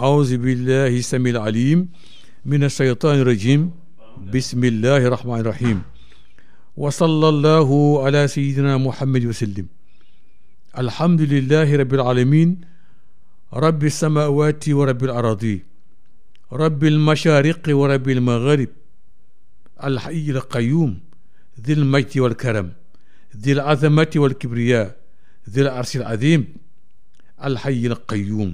أعوذ بالله السميع العليم من الشيطان الرجيم بسم الله الرحمن الرحيم وصلى الله على سيدنا محمد وسلم الحمد لله رب العالمين رب السماوات ورب الأراضي رب المشارق ورب المغارب الحي القيوم ذي المجد والكرم ذي العظمة والكبرياء ذي العرش العظيم الحي القيوم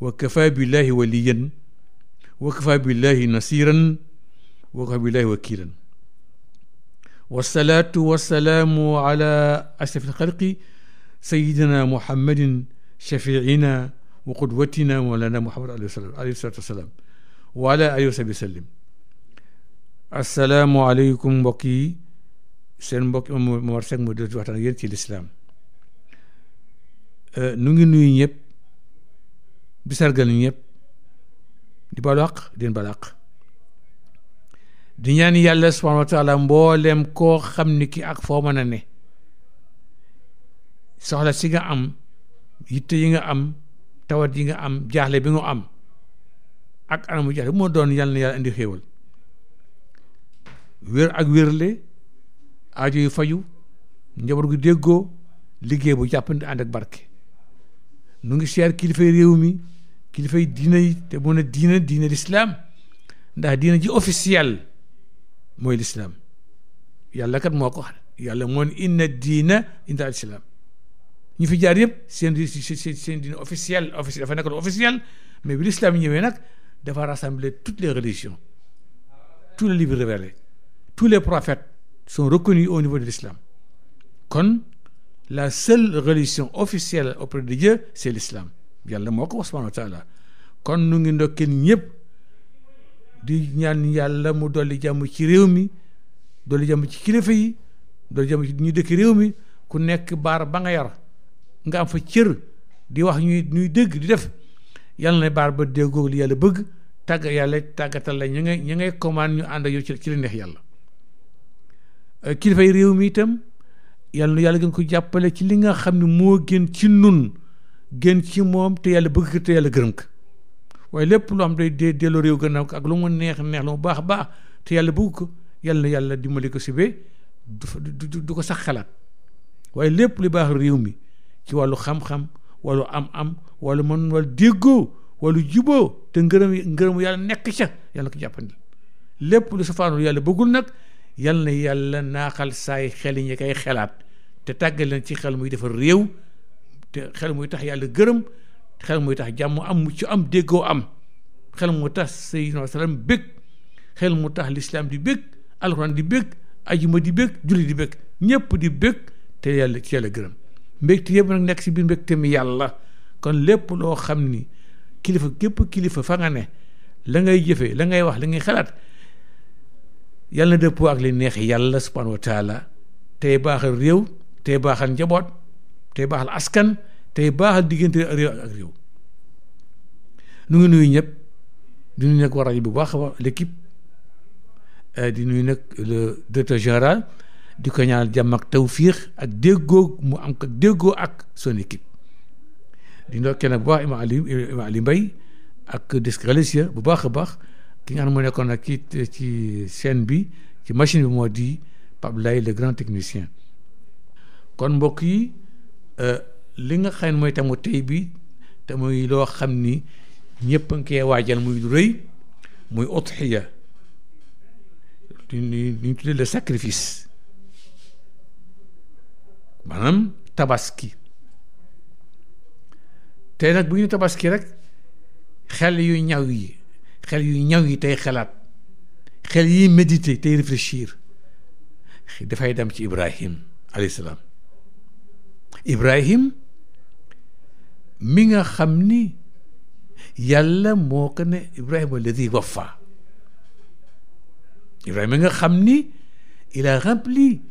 wa kafa billahi waliyan wa kafa billahi nasiran wa kafa billahi wakilan wasalaatu wasalaamu ala ashrafil xalqi sayidina muhammadin shafiina wa qudwatina mawlana muhammad alayhi salatu wasalaam wa ala alihi wa sahbi sallim asalaamualeykum mbokk yi seen mbokk Momar Seck moo del waxtaan yéen ci lislaam euh, nu ngi nuyu ñëpp di sargal ñëpp di balu di balu àq di ñaan yàlla subhanahu mbooleem koo xam ni ki ak foo mën ne soxla si nga am yitte yi nga am tawat yi nga am jaaxle bi nga am ak anamu jaaxle bu moo doon yàlla na yàlla indi xéewal wér ak wérle aajo yu faju njaboot gu déggoo liggéey bu jàppandi ànd ak barke nu ngi seer kilifa réew mi kilifay diina te mu ne diina diina lislaam ndax diina ji officiel mooy lislaam yàlla kat moo ko yàlla moon inna diina inda al islaam ñu fi jaar yëpp seen seen diina officiel officiel dafa nekkoon officiel mais bi lislaam ñëwee nag dafa rassembler toutes les religions tous les livres révélés tous les prophètes sont reconnus au niveau de l'islam kon la seule religion officielle auprès de Dieu c'est l'islam yàlla moo ko wax subhanahu kon nu ngi ndokkeen ñëpp di ñaan yàlla mu dolli jàmm ci réew mi dolli jàmm ci kilifa yi dolli jàmm ci ñu dëkk réew mi ku nekk baar ba nga yar nga am fa cër di wax ñuy ñuy dégg di def yàlla na baar ba déggoo li yàlla bëgg tàgg yàlla tàggatal la ñu ngay ñu ngay commande ñu ànd ak yow ci la neex yàlla euh, kilifay réew mi itam yàlla na yàlla gën ko jàppale ci li nga xam ne moo gën ci nun gën ci moom te yàlla bëgg ko te yàlla gërëm ko waaye lépp lu am day dee delloo réew gannaaw ko ak lu mu neex neex lu mu baax baax te yàlla bëgg ko yàlla na yàlla dimbali ko si ba du du ko sax xelaat waaye lépp lu baax réew mi ci wàllu xam-xam wàllu am-am wàllu mën wàllu déggoo wàllu juboo te ngërëm ngërëmu yàlla nekk ca yàlla ko jàppandi lépp lu safaanul yàlla bëggul nag yàlla na yàlla naaxal saay xel yi ñu koy xelaat te tàggal leen ci xel muy defar réew te xel muy tax yàlla gërëm xel muy tax jàmm am mucc am déggoo am xel mu tax sayyidina salaam bég xel mu tax lislaam di bég alxuraan di bég ajuma di bég julli di bég ñëpp di bég te yàlla ci yàlla gërëm mbégte ti nag nekk si biir mbégte mi yàlla kon lépp loo xam ni kilifa képp kilifa fa nga ne la ngay jëfe la ngay wax la ngay xalaat yàlla na dëppoo ak li neex yàlla subhanahu wa taala tey baaxal réew tey baaxal njaboot tey baaxal askan tey baaxal diggante réew ak réew nu ngi nuyu ñëpp di nuyu nag waa bu baax a l'équipe eh, di nuyu nag le directeur général di ko ñaanal jàmm ak tawfiix ak déggoo mu am ak déggoo ak son équipe di ndokkee nag bu baax Imam Ali Imam Ali Mbaye ak discrétion bu baax a baax ki nga xam ne nekkoon nag ci ci scène bi ci machine bi moo di Pape Lay le grand technicien kon mbokk Euh, li nga xam ne mooy tamu tey bi te muy loo xam ni ñëpp a ngi koy waajal muy lu rëy muy udhiya ñu ñu tuddee le sacrifice maanaam tabaski te nag bu ñu tabaski rek xel yu ñaw yi xel yu ñaw yi tey xalaat xel yi méditer tey réfléchir dafay dem ci Ibrahim alayhi salaam ibrahim mi nga xam ni yàlla moo ko ne ibrahima alladi waffa ibrahima mi nga xam ni il a rempli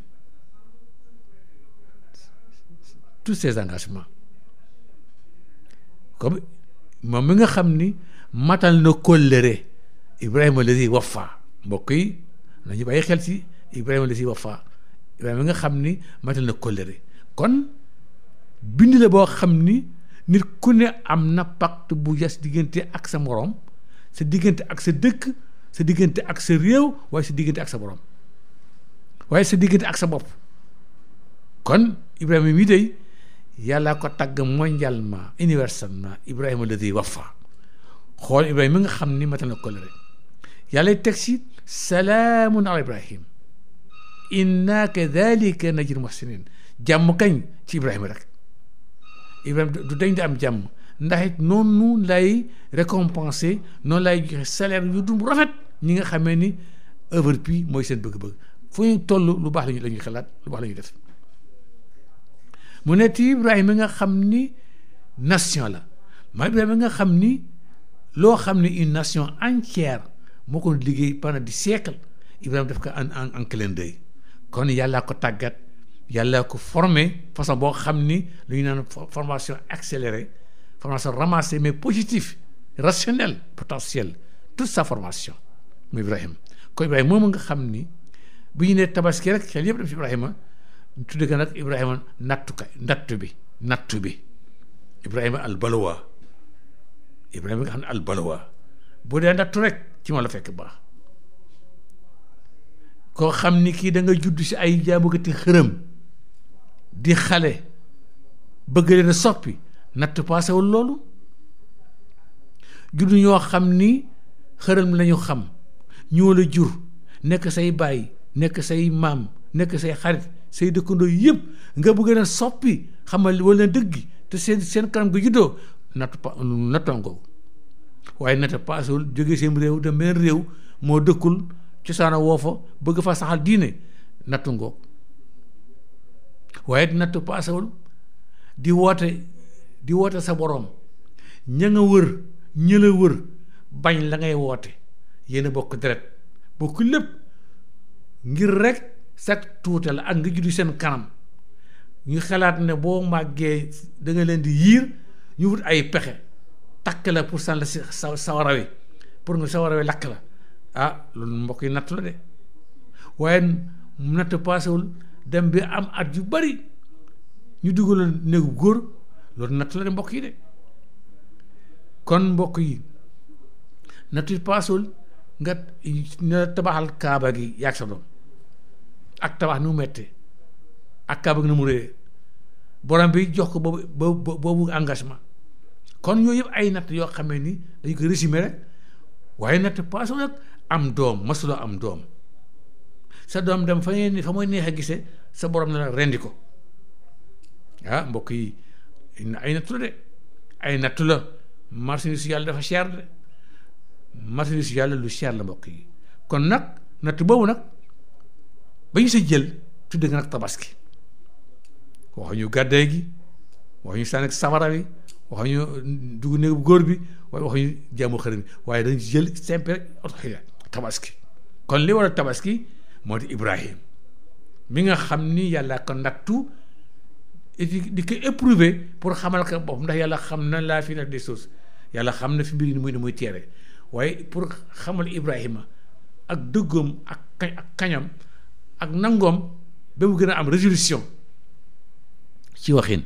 tous ses engagements comme moom mi nga xam ni matal na kóllëre ibrahima alladi waffa mbokk yi nañu bàyyi xel si ibrahima alladi waffa ibrahima nga xam ni matal na kóllëre kon bind la boo xam ni nit ku ne am na pacte bu yes diggante ak sa moroom sa diggante ak sa dëkk sa diggante ak sa réew waaye sa diggante ak sa borom waaye sa diggante ak sa bopp kon Ibrahima mii day yàllaa ko tagg mondialement universellement Ibrahima alladi wafa xool Ibrahima mi nga xam ni matal na kolere yàlla teg si salaamun ala Ibrahim inna kadalika najri muhsinin jàmm kañ ci Ibrahima rek Ibrahima du dañ di am jàmm ndax it noonu lay récompenser noonu lay joxe salaire yu dul rafet ñi nga xamee ni œuvre bi mooy seen bëgg-bëgg fu ñu toll lu baax lañu la ñuy xalaat lu baax la ñuy def mu ne ci Ibrahima nga xam ni nation la ma Ibrahima nga xam ni loo xam ni une nation entière moo ko liggéey pendant di siècles Ibrahima def ko en en en clin kon yàllaa ko tàggat. yàlla ko formé façon boo xam ni lu ñu naan formation accélérée formation ramassée mais positif rationnel potentiel toute sa formation mu Ibrahima ko Ibrahima moom nga xam ni bu ñu nee tabaski rek xel yëpp dem ci Ibrahima tudde ko nag Ibrahima nattuka nattu bi nattu bi Ibrahima albalowa Ibrahima nga xam ne albalowa boo dee nattu rek ci moom la fekk baax koo xam ni kii da nga judd si ay jaamukati xërëm di xale bëgg leen soppi natt paasewul loolu juddu ñoo xam ni xërëm lañu xam ñoo la jur nekk say baay nekk say maam nekk say xarit say dëkkandoo yëpp nga bëgg leen soppi xamal wala dëgg te seen seen kanam gi juddoo natt pa nattongoo waaye natt paasewul jóge seen réew dem beneen réew moo dëkkul cosaan woo fa bëgg fa saxal diine natt ngoog waaye nattu paasewul di woote di woote sa boroom ña wër ña wër bañ la ngay woote yéen bokk deret bokk lépp ngir rek sag tuute la ak nga juddu seen kanam ñu xalaat ne boo màggee da nga leen di yiir ñu wut ay pexe takk la pour san la si sa sawara wi pour nga sawara wi lakk la ah loolu mbokk yi natt la de waaye natt paasewul dem bi am at yu bari ñu la néegu góor loolu natt la de mbokk yi de kon mbokk yi nattu paasul nga tabaxal kaaba gi yàgg sa doom ak tabax ni mu mettee ak kaaba gi ni mu réyee borom bi jox ko boobu boobu engagement kon ñoo yëpp ay natt yoo xamee ni dañu ko résumé rek waaye natt paasul rek am doom masuloo am doom sa doom dem fa ngeen fa mooy neex a gise sa borom na la rendi ko ah mbokk yi ay nattu la de ay nattu la marchandise yàlla dafa cher de marchandise yàlla lu cher la mbokk yi kon nag nattu boobu nag ba ñu sa jël tudde nga nag tabaski waxuñu gàddaay gi waxuñu sànni ak samara bi waxuñu dugg néegu góor bi waaye waxuñu jaamu xarit bi waaye dañu jël simple otoxiya tabaski kon li war a tabaski moo di Ibrahim mi nga xam ni yàlla kon ko nattu di ko éprouver pour xamal ko boppam ndax yàlla xam na laa fi nag des choses yàlla xam na fi mbir yi ni muy ni teere waaye pour xamal Ibrahima ak dëggoom ak kañ kañam ak nangoom ba mu gën a am résolution ci waxin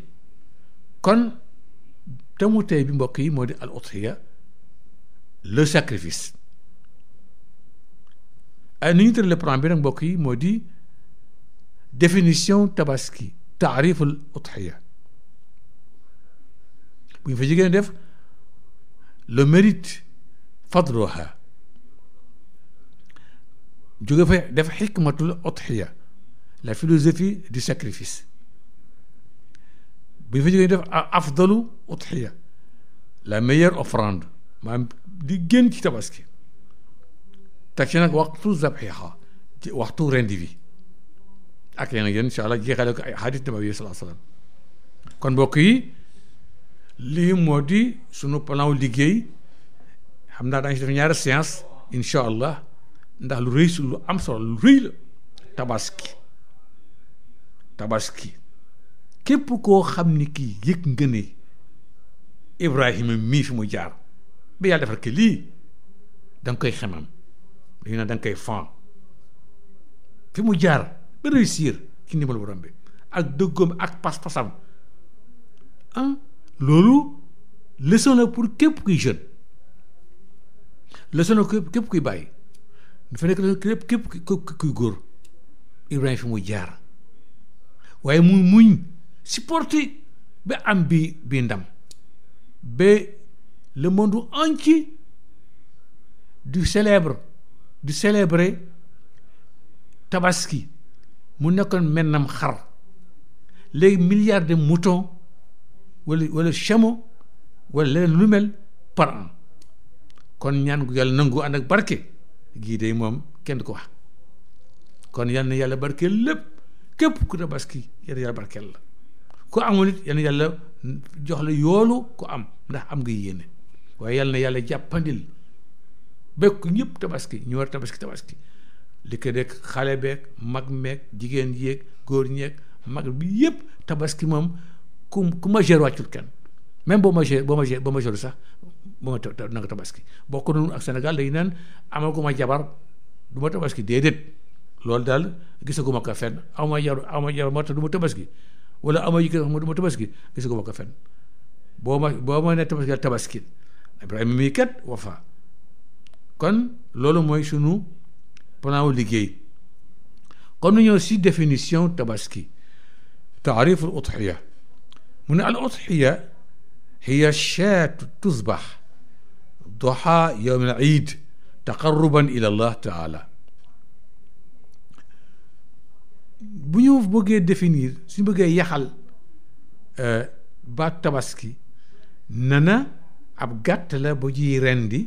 kon te mu tey bi mbokk yi moo di al udhiya le sacrifice ay nu ñu tëralee programme bi nag mbokk yi moo di définition tabaski taariful udhiya bu ñu fa jigéen def le mérite fadluha jóge fa def xikmatul udhiya la philosophie du sacrifice bu ñu fa jigéen def afdalu udhiya la meilleure offrande maanaam di gën ci tabaski teg ci nag waxtu zabiha ci waxtu rendi bi ak yéen ak yéen incha allah jeexale ko ay hadith nabawi sallallahu kon mbokk yi lii moo di sunu plan liggéey xam naa daañu si def ñaari séance incha allah ndax lu rëy su lu am solo lu rëy la tabaski tabaski képp koo xam ni kii yëg nga ne Ibrahima mii fi mu jaar ba yàlla defar ke lii da koy xemam dañu naan da nga koy fan fi mu jaar ba réussir ci ndimbal borom bi ak dëggoom ak pas-pasam ah loolu leson la pour képp kuy jeune leson la képp kuy bàyyi dafa nekk képp képp kuy góor Ibrahima fi mu jaar waaye mu muñ supporter ba am bi bi ndam ba le monde entier du célèbre di célébrer tabaski mu nekkoon mennam xar léegi milliards de moutons wala wala chameaux leneen lu mel par an kon ñaan ku yàlla nangu ànd ak barke gii de moom kenn du ko wax kon yal yàlla barkeel lépp képp ku tabaski yal na yàlla barkeel la ku amul it yàlla jox la yoolu ku am ndax am nga yéene waaye yal na yàlla jàppandil bekk ñëpp tabaski ñu war tabaski tabaski li ko dekk xale beek mag meeg jigéen yéeg góor ñeeg mag bi yëpp tabaski moom ku ku majeur wàccul kenn même boo majeur boo majeur boo majeur sax boo ma nanga tabaski bokk noonu ak Sénégal dañu naan amaguma jabar du ma tabaski déedéet loolu daal gisaguma ko fenn amuma jabar moo tax du ma tabaski wala ama yëkkër xam du ma tabaski gisaguma ko fenn boo ma boo ma ne tabaski tabaski Ibrahima mii kat wafa kon loolu mooy sunu plan liggéey kon nu si définition tabaski taarif al udxiya mu ne al udxiya hiya shaatu tusbax duha yowm al iid taqarruban ila allah taala bu ñu bëggee définir suñu bëggee yaxal euh, baat tabaski nana ab gàtt la bu ñuy rendi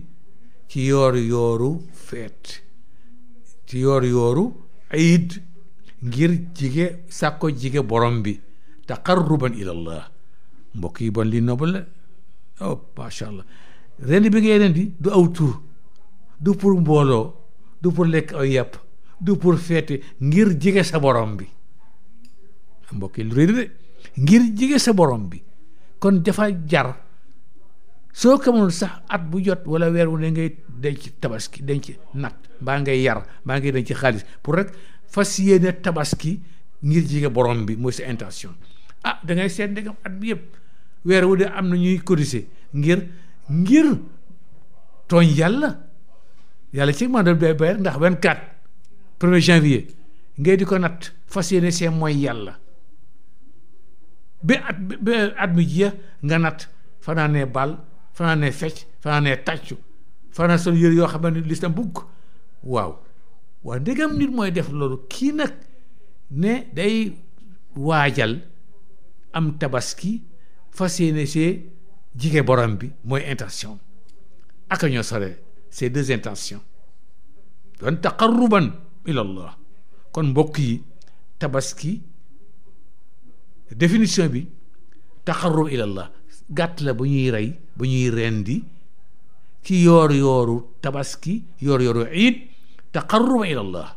ci yoor yooru feet ci yoor yooru iid ngir jige sàkko jige borom bi taqarruban ilallah mbokk yi bon li noble la oh macha allah ren bi ngay ren di du aw tur du pour mbooloo du pour lekk aw yàpp du pour feete ngir jige sa borom bi mbokk lu rëy de ngir jige sa borom bi kon dafa jar soo ko mënul sax at bu jot wala weer wu ne ngay denc tabaski denc nat mbaa ngay yar mbaa ngay denc xaalis pour rek fas yéene tabaski ngir jege borom bi mooy sa intention ah da ngay seet ndegam at bi yëpp weer wu de am na ñuy cotiser ngir ngir tooñ yàlla yàlla ci man da day bayar ndax 24 premier janvier ngay di ko nat fas yéene seen mooy yàlla ba at ba at mi jeex nga nat fanaanee bal fanaanee fecc fanaanee tàccu fanaan sol yëre yoo xam ne lislam bugg waaw waaw ndegam nit mooy def loolu kii nag ne day waajal am tabaski fas yéene see jige borom bi mooy intention aka ñoo sore ces deux intentions doon taqarruban ilallah kon mbokk yi tabaski définition bi taqarrub la gàtt la bu ñuy rey bu ñuy rendi ci yoor yooru tabaski yoor yooru iid taqarruba ila allah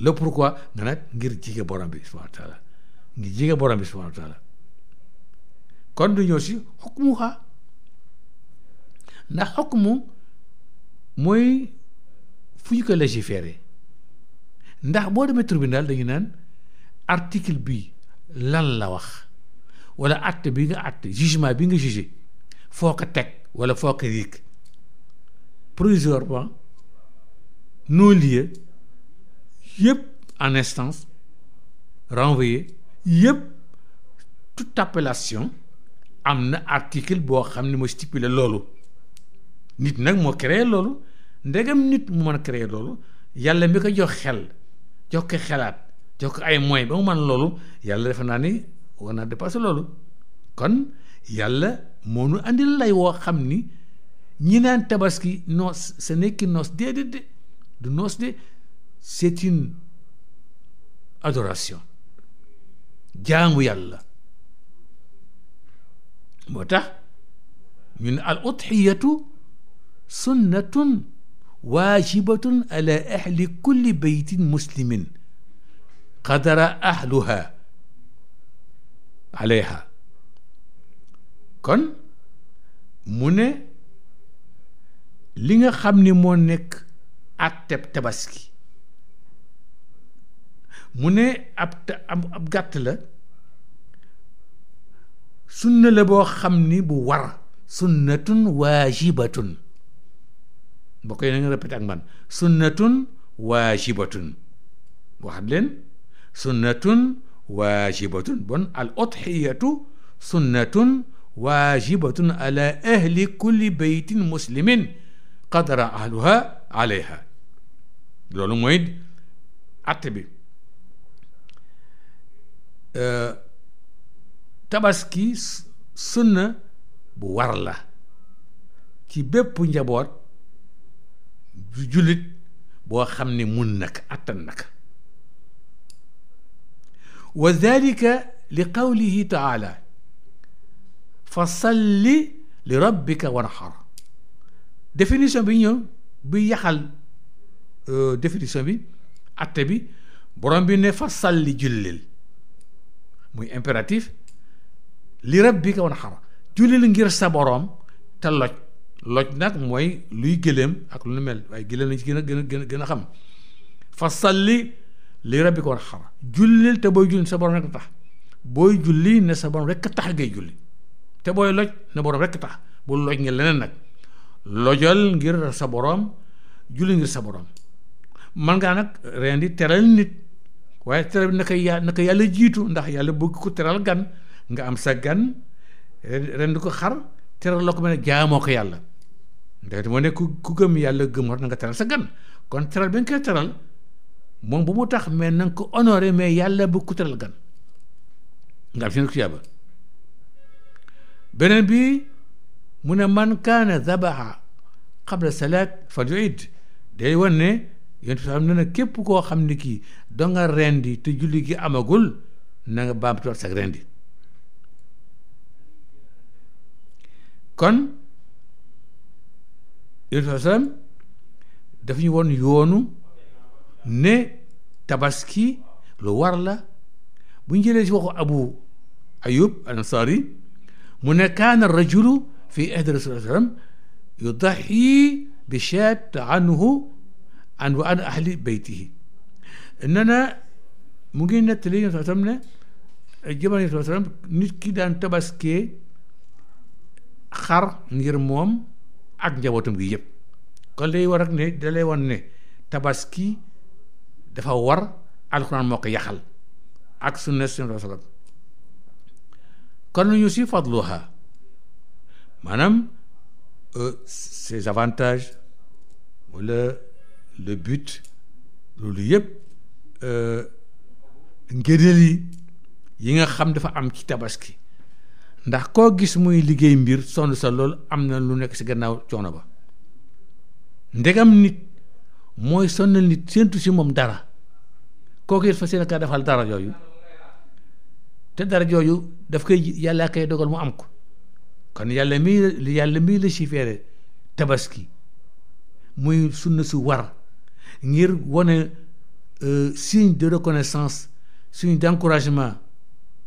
le pourquoi nga nag ngir jige borom bi subhanahu wa taala ngir jige borom bi subhanahu wa taala kon du ñëw si xukmu xa ndax xukmu mooy fu ñu ko légiféré ndax boo demee tribunal dañu naan article bi lan la wax wala acte bi nga acte jugement bi nga jugé foo ko teg wala foo ko yëg provisoirement non yëpp en instance renvoyé yëpp toute appellation am na article boo xam ne moo stipulé loolu nit nag moo créé loolu ndegam nit mu mën a créé loolu yàlla mbi ko jox xel jox ko xelaat jox ko ay moyens ba mu mën loolu yàlla defe naa ni war naa loolu kon yàlla moo nu andil lay woo xam ni ñi naan tabaski noos ce n'est qu'une noce déedéet de du noce de c'est adoration jaamu yàlla moo tax ñu ne al udhiyatu sunnatun waajibatun ala ahli kulli beytin muslimin qadara ahluha aleyha kon mu ne li nga xam ni moo nekk àtteb tabaski mu ne ab ab gàtt la sunna la boo xam ni bu war sunnatun waajibatun mbokk yi na nga répété ak man sunnatun waajibatun waxat leen sunnatun waajibatun bon al udhiyatu sunnatun waajibatun ala ahli kulli beytin muslimin qadara ahluha alayha loolu mooy att bi euh, tabaski sunna bu war la ci bépp njaboot jullit boo xam ne mun nag attan nag wa dalika li qawlihi taala fa salli li rabbika wanhar définition bi ñëw bi yaxal euh, définition bi atte bi borom bi ne fa salli jullil muy impératif li rabbika wanhar jullil ngir sa borom te loj loj nag mooy luy gëléem ak lu nu mel waaye gëléem lañ ci gën a gën a gën a xam fa salli li rabbi ko war a xam jullil te booy julli sa borom rekk tax booy julli ne sa borom rekk tax ngay julli te booy loj na borom rekk tax bu loj ngir leneen nag lojal ngir sa boroom julli ngir sa borom man ngaa nag reen teral nit waaye teral bi naka yaa naka yàlla jiitu ndax yàlla bëgg ko teral gan nga am sa gan ren di ko xar teral loo ko mel ne jaamoo ko yàlla di moo ne ku ku gëm yàlla gëm war na nga teral sa gan kon teral bi nga koy teral moom bu mu tax mais na ko honoré mais yàlla bu kutal gan nga am si nag tuyaaba beneen bi mu ne man kaane zabaha xab salaat fal yuid day wan ne yonent bi ne nag képp koo xam ne kii da nga rendi te julli gi amagul na nga baamtuwaat sag rendi kon yonent bi sallam daf ñu woon yoonu ne tabaski lu war la bu ñu jëlee si waxu abu ayub al ansari mu ne kaana rajulu fi ahdi rasul sallam yudaxi bi shaat anhu an wa an ahli beytihi nee mu ngi nettali yonent sallam ne jamono yonent sallam nit ki daan tabaski xar ngir moom ak njabootam gi yëpp kon lay war ak ne dalay wan ne tabaski dafa war alxuraan moo ko yaxal ak sunna sallam kon ñu si fadluha maanaam euh, ses avantages wala le but loolu yëpp euh, ngëneel yi yi nga xam dafa am ci tabaski ndax koo gis muy liggéey mbir sonn sa loolu am na lu nekk si gannaaw coono ba ndegam nit mooy sonnal nit séentu si moom dara kooku it fa seen kaa defal dara yooyu te dara jooju daf koy yàlla koy dogal mu am ko kon yàlla mii yàlla mii la sifeere tabaski muy sunna su war ngir wane euh, signe de reconnaissance signe d' encouragement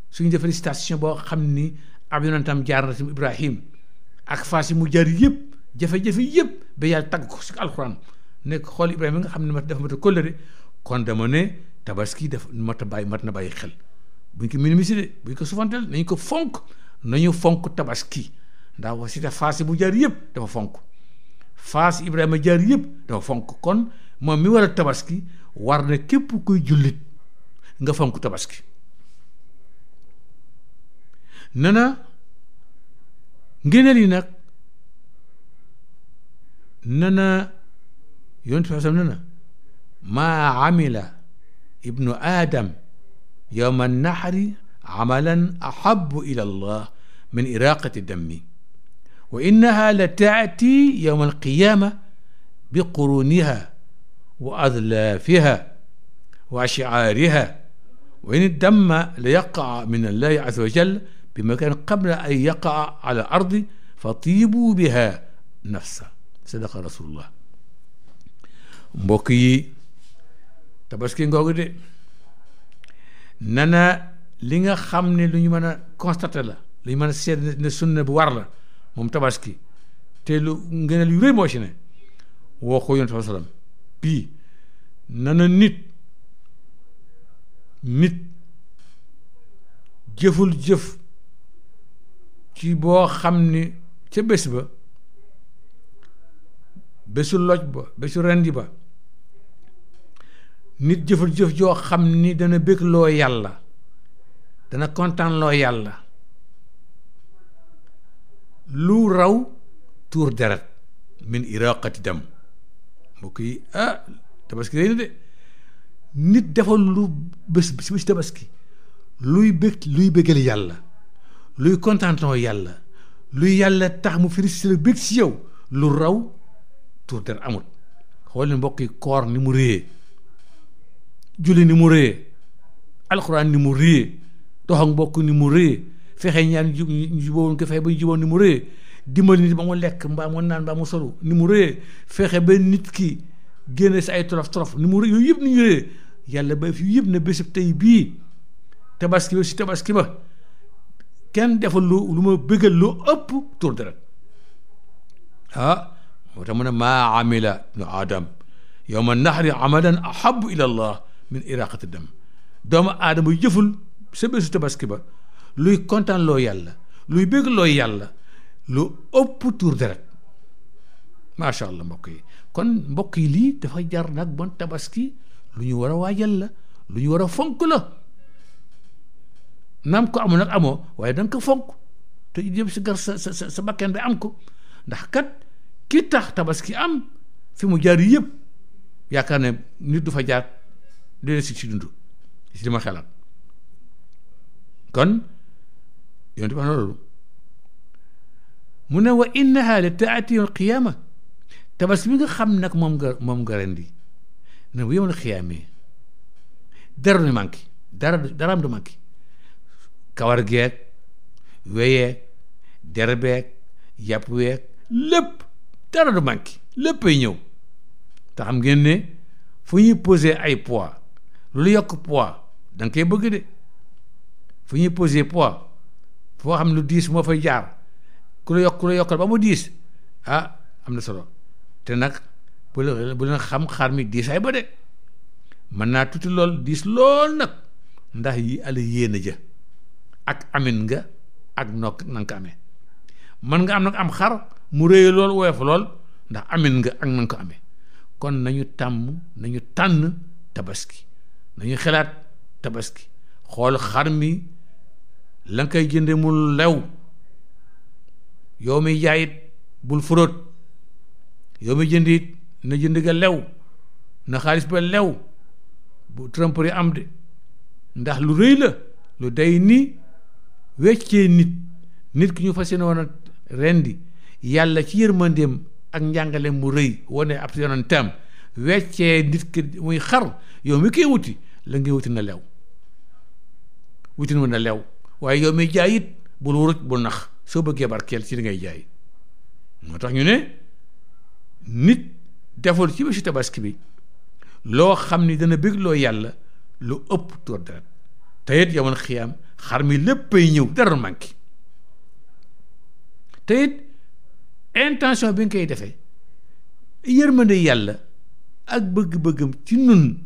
signe de félicitation boo xam ni ab yonentam jaar na si Ibrahim ak faas yi mu jaar yëpp jafe-jafe yëpp ba yàlla tagg ko si alxuraan nekk xool Ibrahima nga xam ne mat def mat a kóllëre kon dama ne tabaski daf mat a bàyyi mat na bàyyi xel buñ ko minimiser buñ ko sufantel nañ ko fonk nañu fonk tabaski ndax wasi ta faas bu jaar yépp dafa fonk faas Ibrahima jaar yépp dafa fonk kon moom mi war a tabaski war na képp koy jullit nga fonk tabaski nee na ngéneel yi nag nee yonent bi sallam ne na maa amila ibnu adam yowma nahri amalan ahabu ila allah min iraqati dammi wa innaha la taati yowma alqiyama bi quruniha wa adlaafiha wa ashcaariha wa in damma la yaqaa min allahi aza wajal bi makan qabla an yaqaa ala ardi fa tiibu biha nafsa sadaqa rasulullah mbokk yi tabaski ngoogu de nana li nga xam ni lu ñu mën a constaté la lu ñu mën a seet ne sunna bu war la moom tabaski te lu ngëneel yu rëy moo ci ne woo ko yonent bi bii nana nit nit jëful jëf ci boo xam ni ca bés ba bésu loj ba bésu rendi ba nit jëfal jëf joo xam ni dana bëgg loo yàlla dana kontaan loo yàlla lu raw tuur deret min iraqati dam mbokk yi ah tabaski de nit defal lu bés si tabaski luy bëgg luy bëggal yàlla luy kontaan yàlla luy yàlla tax mu félicité la bëgg si yow lu raw tuur deret amut xool mbokk yi koor ni mu réyee julli ni mu rëyee alxuraan ni mu rëyee doxam mbokk ni mu rëyee fexe ñaan ñu jubóon ko fexe ni mu rëyee dimbali nit ba mu lekk mbaa naan mbaa mu solu ni mu rëyee fexe ba nit ki génne si ay torof torof ni mu rëy yooyu yëpp ni ñu rëyee yàlla ba fi yëpp na bésib tey bii tabaski ba si tabaski ba kenn defal lu lu ma bëggal lu ëpp tur dara ah moo tax mu ne maa amila nu adam yowma nahri amalan ahabu ila min iraqati dem doomu aadama jëful sa bésu tabaski ba luy kontaan loo yàlla luy bégg loo yàlla lu ëpp tuur deret macha allah mbokk yi kon mbokk yi lii dafa jaar nag bon tabaski lu ñu war a waajal la lu ñu war a fonk la naam ko amul nag amoo waaye danga ko fonk te jëm si gar sa sa sa bakken bi am ko ndax kat ki tax tabaski am fi mu jaar yëpp yaakaar ne nit du fa jaar dina si si dund si dama xelaat kon yonent bi wax na loolu mu ne wa innaha la taati yawmal qiyaama tabaski bi nga xam nag moom nga moom nga rendi ne bu yawmal qiyaamee dara dara daraam du kawar geeg weyeeg derbeeg yàpp weeg lépp dara du manqué léppay ñëw te xam ngeen ne fu ñuy posé ay poids lu yokk poids danga nga koy bëgg de fu ñuy poser pois foo xam ne lu diis moo fay jaar ku la yokk ku la yokkal ba mu diis ah am na solo te nag bu leen bu leen xam xar mi diisaay ba de mën naa tuuti lool diis lool nag ndax yi àll yéen a jë ak amin nga ak nokk na nga ko amee mën nga am nag am xar mu rëy lool woyof lool ndax amin nga ak nang ko amee kon nañu tàmm nañu tànn tabaski nañu xelaat tabaski xool xar mi la nga koy jënde mu lew yow mi jaayit bul furóot yow mi jënd it na jënd ga lew na xaalis ba lew bu tromperie am de ndax lu rëy la lu day ni weccee nit nit ki ñu fas yéene woon a rendi yàlla ci yërmandeem ak njàngale mu rëy wane ab yonentam weccee nit ki muy xar yow mi koy wuti la ngay wuti na lew wuti na lew waaye yow mi jaay it bul wurut bul nax soo bëggee barkeel ci li ngay jaay moo tax ñu ne nit deful ci bésu tabaski bi loo xam ni dana bégg loo yàlla lu ëpp tuur deret te yow man xiyaam xar mi léppay ñëw dara manqué te it intention bi nga koy defe yërmande yàlla ak bëgg-bëggam ci nun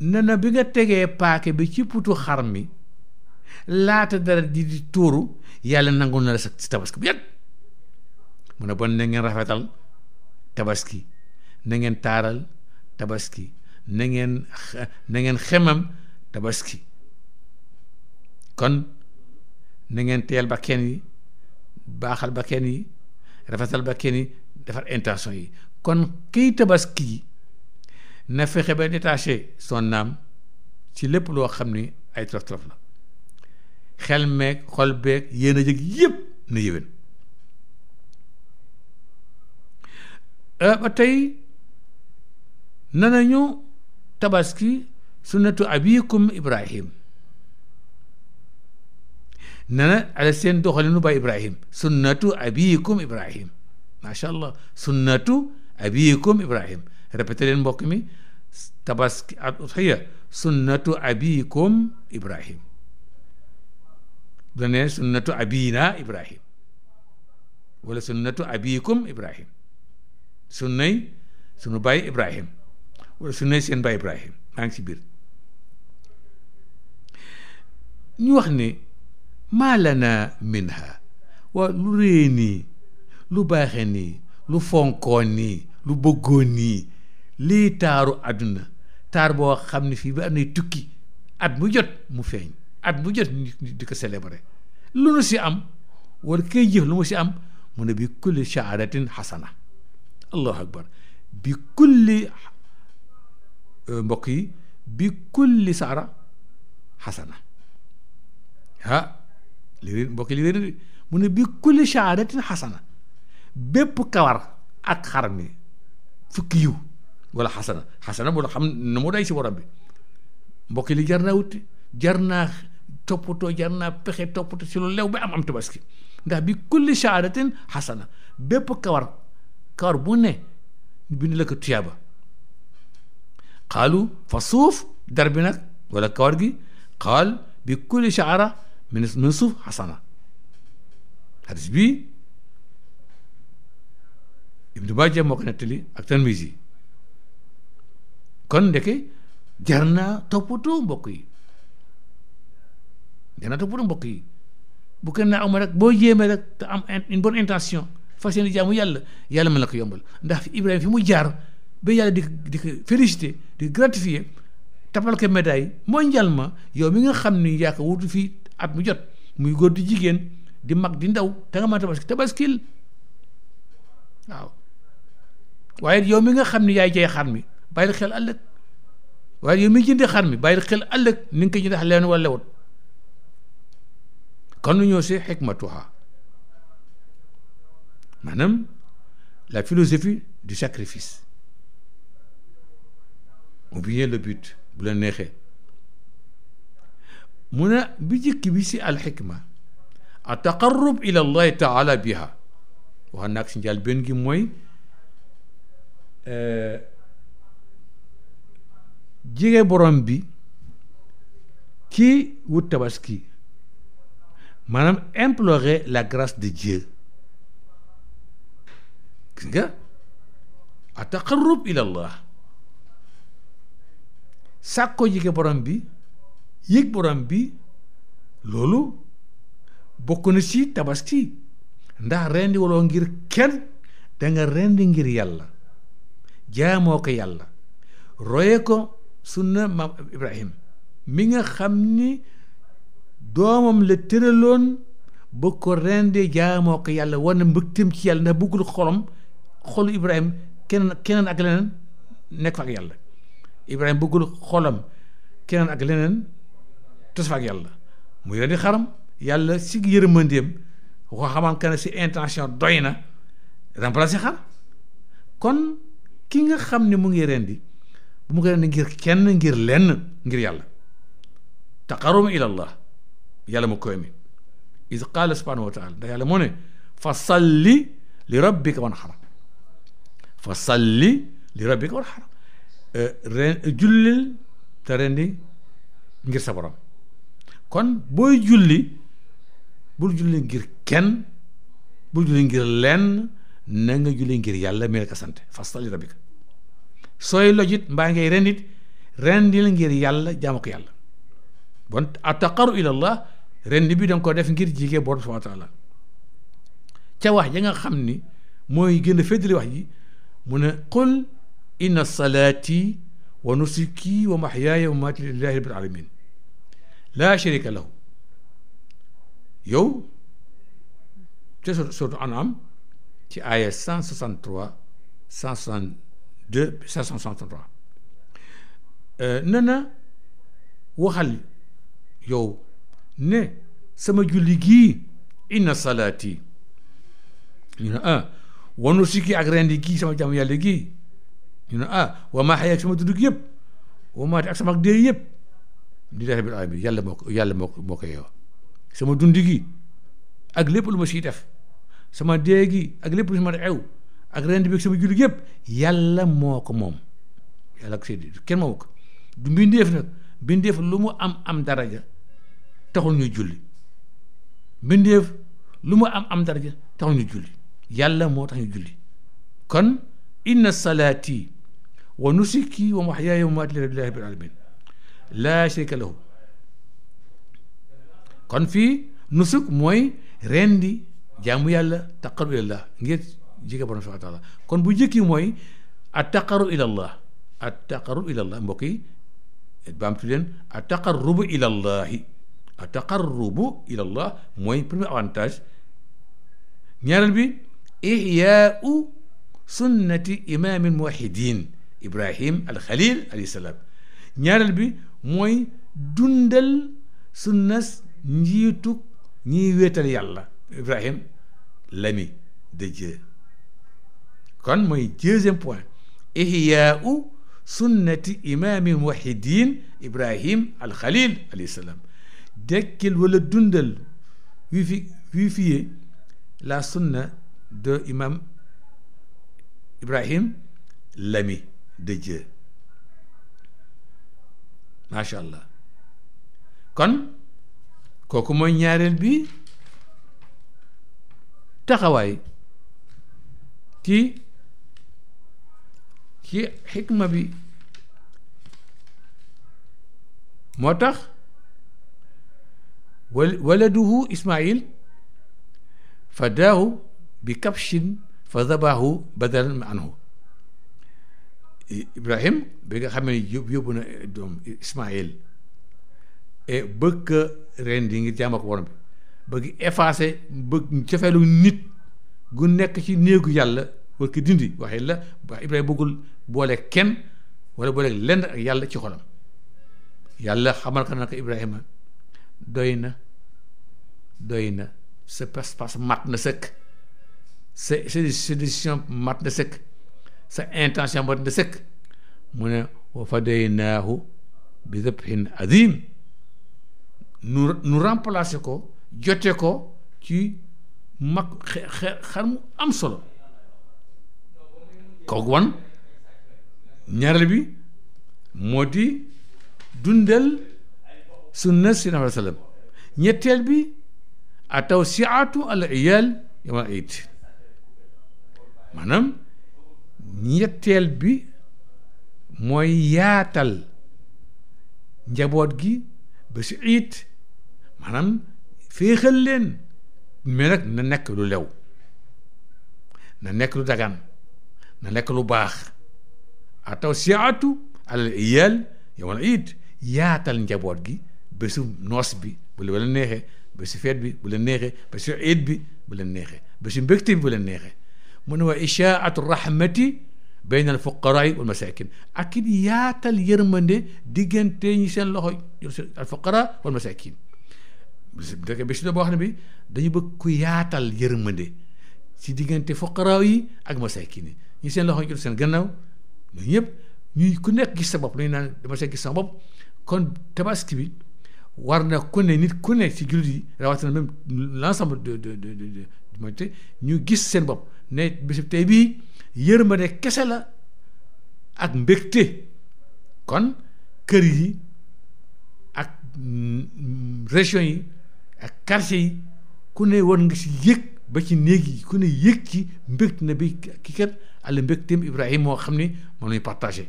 ne na bi nga tegee paake bi ci putu xar mi laata dara di di tuuru yàlla nangu na la sa si tabaski bu yàgg mu ne bon na ngeen rafetal tabaski nangeen taaral tabaski na ngeen na ngeen xemam tabaski kon na ngeen teel ba kenn yi baaxal ba kenn yi rafetal ba kenn yi defar intention yi kon kiy tabaski na fexe ba détaché son naam ci lépp loo xam ni ay tolof-tolof la xel meeg xol beeg yéen yëpp na yéwén euh, ba tey na nañu tabaski sunnatu abikum ibrahim ne na ala seen doxalinu ba ibrahim sunnatu abikum ibrahim macha allah sunnatu abiyikum ibrahim répété leen mbokk mi tabaski at udhiya sunnatu abiyikum ibrahim bu ne sunnatu abina ibrahim wala sunnatu abiyikum ibrahim sunnay sunu baay ibrahim wala sunnay seen baay ibrahim maa ngi ci biir ñu wax ni maa lana minha waa lu réy lu baaxe nii lu fonkoon nii lu bëggoon nii lii taaru àdduna taar boo xam ni fii ba am nay tukki at mu jot mu feeñ at mu jot nit di ko célébrer lu nu si am wala kay jëf lu mu si am mu ne bi kulli shahaadatin xasana euh, mbokk yi bi kulli saara xasana ah li mbokk li mu ne bi kulli shahaadatin xasana bépp kawar ak xar mi fukki yiw wala xasana xasana boo xam ne moo day si borom bi mbokk li jar naa wuti jar naa toppatoo jar naa pexe toppatoo si lu lew ba am am tabaski ndax bi kulli shaadatin xasana bépp kawar kawar bu ne bind la ko tuyaaba xaalu fa suuf dar bi nag wala kawar gi xaal bi kulli shaara min suuf xasana hadis bi Ibnu Maaja moo ko nettali ak Tirmisi kon ndeke jar naa toppatoo mbokk yi jar naa toppatoo mbokk yi bu kenn naa amul rek boo jéemee rek te am une bonne intention fas yéene jaamu yàlla yàlla mën na ko yombal ndax Ibrahima fi mu jaar ba yàlla di di ko félicité di gratifié tapal ko médaille ma yow mi nga xam ni yaa ko wutu fii at mu jot muy góor di jigéen di mag di ndaw te nga mën a tabaskil waaye yow mi nga xam ni yaay jaay xar mi bàyyil xel ëllëg waaye yow mi jëndi xar mi bàyyil xel ëllëg ni nga ko jëndax leen wala wut kon lu maanaam la philosophie di sacrifice ou bien le but bu la neexee mu ne bi jëkk bi si alxikma a taqarrub ila allahi taala biha wax naag si njaal benn gi mooy Euh, jige borom bi ci wut tabaski maanaam implorer la grâce de Dieu gis nga a taqarrub ila llah sàkko jige borom bi yëg borom bi loolu bokk na ci tabaski ndax rendi waloo ngir kenn da nga rendi ngir yàlla jaamoo ko yàlla roye ko sunna maam ibrahim mi nga xam ni doomam la tëraloon ba ko rendee jaamoo ko yàlla war na mbëgtam ci yàlla ndax bëggul xolom xolu ibrahim keneen keneen ak leneen nekk fa ak yàlla ibrahim bëggul xolam keneen ak leneen tos fa ak yàlla mu rendi xaram yàlla si yërmandeem ko xamaan que ne si intention doy na remplacer xar kon ki nga xam ne mu ngi rendi bu mu ngi rendi ngir kenn ngir lenn ngir yàlla taqarrum ila allah yàlla mu koy mi is qaala subhanahu wa ndax yàlla moo ne fa salli li rabbika wanhar fa salli li rabbika wanhar eh, ren jullil te rendi ngir sa kon booy julli bul julli ngir kenn bul julli ngir lenn na nga ngir yàlla mi la sant fa salli rabbika sooy lojit mbaa ngay rendit rendil ngir yàlla jaamu ko yàlla bon attaqaru ilallah rendi bi danga ko def ngir jige borom subhanahu wa taala ca wax ja nga xam ni mooy gën a féddali wax ji mu ne qul inna salaati wa nusuki wa mahyaaya wa mamaati lillahi rabbil laa sharika lahu yow ca suratu anam ci aaya 163 de 563 euh, na waxal yow ne sama julli gii inna salaati ñu ne ah wa nusuki ak rendi gii sama jàmm yàlla gii ñu na ah wa mahyaaya ak sama dund gi yëpp wa mamaati ak sama dee yëpp lillahi rabbil alamin yàlla moo ko yàlla moo ko moo sama dund gi ak lépp lu ma siy def sama dee gi ak lépp lu ma ew ak rend bi ak sama jullit yëpp yàlla moo ko moom yàlla ak séddi kenn moomu ko du mbindeef nag mbindeef lu mu am am daraja taxul ñuy julli mbindeef lu mu am am daraja taxul ñuy julli yàlla moo tax ñu julli kon inna salaati wa nusuki wa mahyaaya wa mamaati lillahi rabbil alamin laa sharika lahu kon fii nusuk mooy rendi jaamu yàlla taqarrub ilallah ngir jege kon bu njëkk yi mooy attaqarrub ilallah attaqarrub ilallah mbokk yi baamtu leen attaqarrubu mooy premier avantage ñaareel bi ihyaau sunnati imaamin muwahidin ibrahim al bi mooy dundal sunnas njiitu yàlla ibrahim lami dëjee kon mooy deuxième point ihyaau sunnati imamin wahidin ibrahim alxalil alayhi salaam dekkil wala dundal wifi wifiye la sunna de imam ibrahim l'ami de Dieu macha allah kon kooku mooy ñaareel bi taxawaay ci ci xikma bi moo tax waladuhu ismail fadaahu bi kabshin fa dabahu badalan anhu ibrahim bi nga xamee ne yóbbu na doom ismail e bëgg ka rendi ngir jàmm ak borom bi bëgg effacé bëgg cofeelu nit gu nekk ci néegu yàlla war ko dindi waxee la wax Ibrahima bëggul boole kenn wala boole lenn ak yàlla ci xolam yàlla xamal ko na ko Ibrahima doy na doy na sa pas-pas mat na sëkk sa sa mat na sëkk sa intention mat na sëkk mu ne wa fadaynaahu bi dabhin azim nu nu remplacer ko jote ko ci mag xar mu am solo kooku wan ñaareel bi moo di dundal sunna si nafa sallam ñetteel bi a taw siatu al iyal yama it maanaam ñetteel bi mooy yaatal njaboot gi ba si it manam féexal leen mais nag na nekk lu lew na nekk lu dagaan na lekk lu baax ataw siatu alal iyal yowmal iid yaatal njaboot gi bésu nos bi bu la neexee bésu feet bi bu la neexee bésu iid bi bu la neexee bésu mbégte bi bu la neexee mu ne waa ishaatu rahmati bayna al fuqaraai wal masakin ak it yaatal yërmande diggante ñi seen loxo al fuqara wal masakin dëkk bésu la boo xam ne bi dañu bëgg ku yaatal yërmande diggante fuqara yi ak masakin ñi seen loxo jot seen gannaaw ñooñu ñëpp ñuy ku nekk gis sa bopp lu ñu dama see gis sa bopp kon tabaski bi war na ku ne nit ku ne ci jullit yi rawatina même l' de de de de ñu gis seen bopp ne bésib tey bii yërmande kese la ak mbégte kon kër yi ak région yi ak quartier yi ku ne war nga ci yëg ba ci néeg yi ku ne yëg ci mbégte na bi ki àlla mbégteem Ibrahima moo xam ni moom la ñu partagé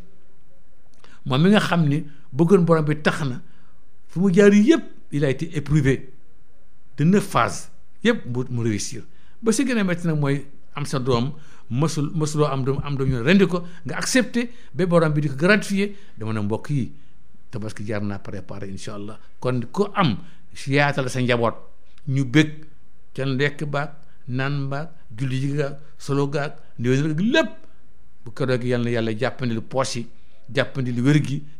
moom mi nga xam ni bëggoon borom bi tax na fu mu jaar yëpp il a été éprouvé de neuf yëpp mu mu réussir ba si gën a métti mooy am sa doom mësul mësuloo am doom am doom ñu rendi ko nga accepté ba borom bi di ko gratifié dama ne mbokk yi tabaski jaar naa préparé incha allah kon ku am si yaatal sa njaboot ñu bëgg ca lekk baag. naan mbaag julli ji gaag solo gaag ndéwén bu keroog yal yàlla jàppandi lu poche yi jàppandi lu wér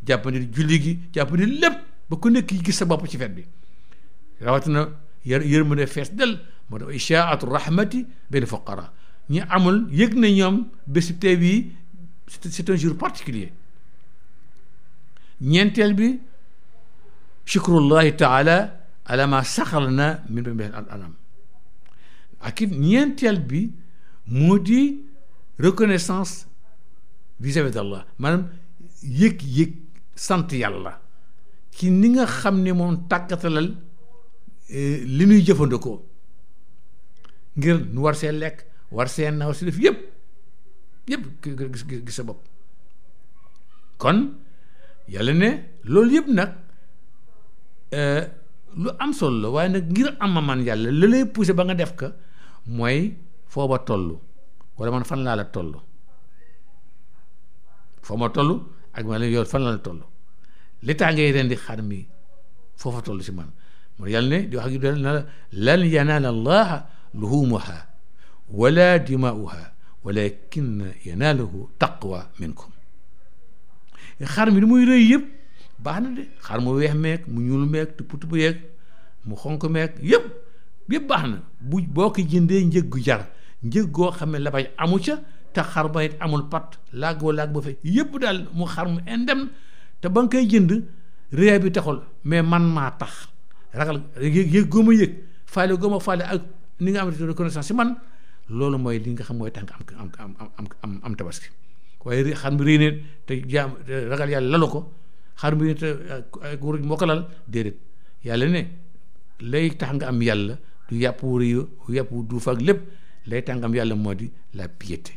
jàppandi lu julli gi jàppandi lépp ba ku nekk gis sa bopp ci fet bi rawatina yar yërmande fees del moo tax ishaatu rahmati bil fuqara ñi amul yëg na ñoom bésu tey bii c'est jour particulier ñeenteel bi shukrullahi taala ala ma saxal min ba mbexel al ak it ñeenteel bi moo di reconnaissance vis-à-vis d'Allah maanaam yëg-yëg sant yàlla ci ni nga xam ne moom tàkkatalal eh, li ñuy jëfandikoo ngir nu war see lekk war see naaw si def yëpp yëpp gis gis sa bopp kon yàlla ne loolu yëpp nag eh, lu am solo la waaye nag ngir am man yàlla la lay poussé ba nga def ka mooy fooba tollu wala man fan laa la toll foo ma toll ak ma la yor fan laa la toll li taa ngay di xar mi foofa tollu si man mooy yàlla ne di wax ak yu dal na la lan yanaala allaha luhumuha wala dimaauha walakin yanaaluhu taqwa minkum xar mi li muy rëy yëpp baax na de xar mu weex meeg mu ñuul meeg tupp tupp yeeg mu xonq meeg yëpp yëpp baax na bu boo ko jëndee njëg gu jar njëg goo xam ne labaj amu ca te xar ba it amul pat laagoo laag ba fe yëpp daal mu xar mu indem te ba nga koy jënd réer bi taxul mais man maa tax ragal yëg goo ma yëg faale ak ni nga am reconnaissance si man loolu mooy li nga xam mooy tànk am am am am am tabaski waaye xar mu réer ragal yàlla lalu ko xar mu réer te ay moo ko lal déedéet yàlla ne lay tax nga am yàlla. du yàpp wu rëy yàpp duuf ak lépp lay tàngam yàlla moo di la piété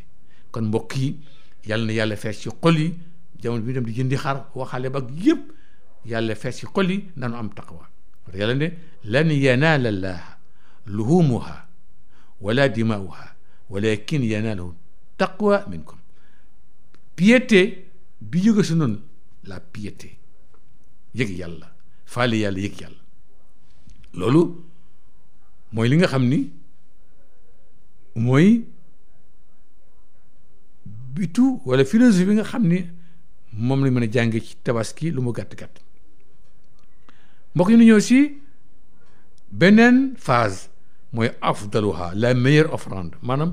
kon mbokk yi yàlla na yàlla fees ci xol yi jamono bi dem di jëndi xar waxaale ba ak yëpp yàlla fees ci xol yi nanu am taqwa yàlla ne lan yanaala llaaha luhumuha wala dimaauha walakin yanaalahu taqwa minkum piété bi jóge si noonu la piété yëg yàlla faale yàlla yëg yàlla loolu mooy li nga xam ni mooy bitu wala philosophie bi nga xam ni moom lañ mën a jàng ci tabaski lu mu gàtt-gàtt mbokk yi nu ñëw si beneen phase mooy afdaluha la meilleure offrande maanaam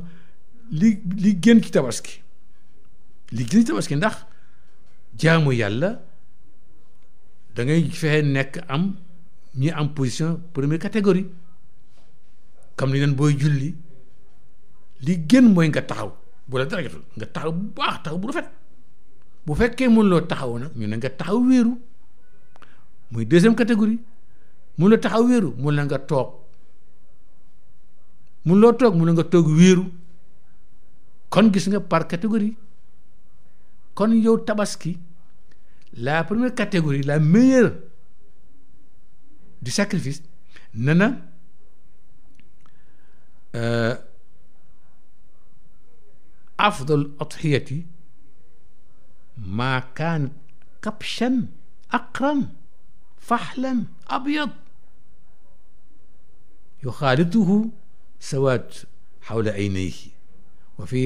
li li gën ci tabaski li gën ci tabaski ndax jaamu yàlla dangay ngay nekk am ñi am position première catégorie xam ni leen booy julli li gën mooy nga taxaw bu la dara jotul nga taxaw bu baax taxaw bu rafet bu fekkee loo taxaw nag ñu ne nga taxaw wéeru muy deuxième catégorie mun la taxaw wéeru mun la nga toog mun loo toog mun la nga toog wéeru kon gis nga par catégorie kon yow tabaski la première catégorie la meilleure di sacrifice ne na afdal adxiyati maa kaanat kabshan aqram faxlan abyad yuxaalituhu sawaat xawla aynayhi wa fi